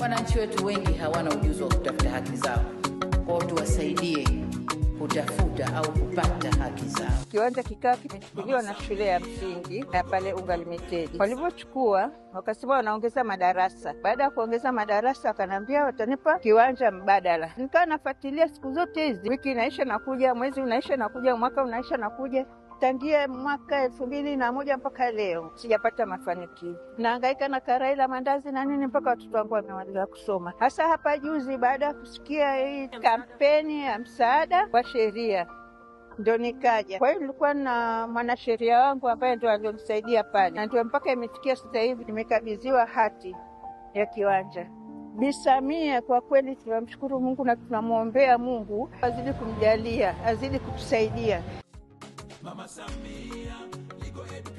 Wananchi wetu wengi hawana ujuzi wa kutafuta haki zao, kwao tuwasaidie kutafuta au kupata haki zao. Kiwanja kikawa kimechukuliwa na shule ya msingi na pale Unga Limited. Walivyochukua wakasema wanaongeza madarasa. Baada ya kuongeza madarasa, wakanaambia watanipa kiwanja mbadala. Nikawa nafuatilia siku zote hizi, wiki inaisha nakuja, mwezi unaisha nakuja, mwaka unaisha nakuja tangia mwaka elfu mbili na moja mpaka leo sijapata mafanikio. naangaika na karai la mandazi na nini, mpaka watoto wangu wamemaliza kusoma. Hasa hapa juzi, baada ya kusikia hii kampeni ya msaada wa sheria ndo nikaja. Kwa hiyo nilikuwa na mwanasheria wangu ambaye ndo alionisaidia pale, na ndio mpaka imefikia sasa hivi nimekabidhiwa hati ya kiwanja. Bi Samia kwa kweli tunamshukuru Mungu na tunamwombea Mungu azidi kumjalia, azidi kutusaidia. Mama Samia, ligo yetu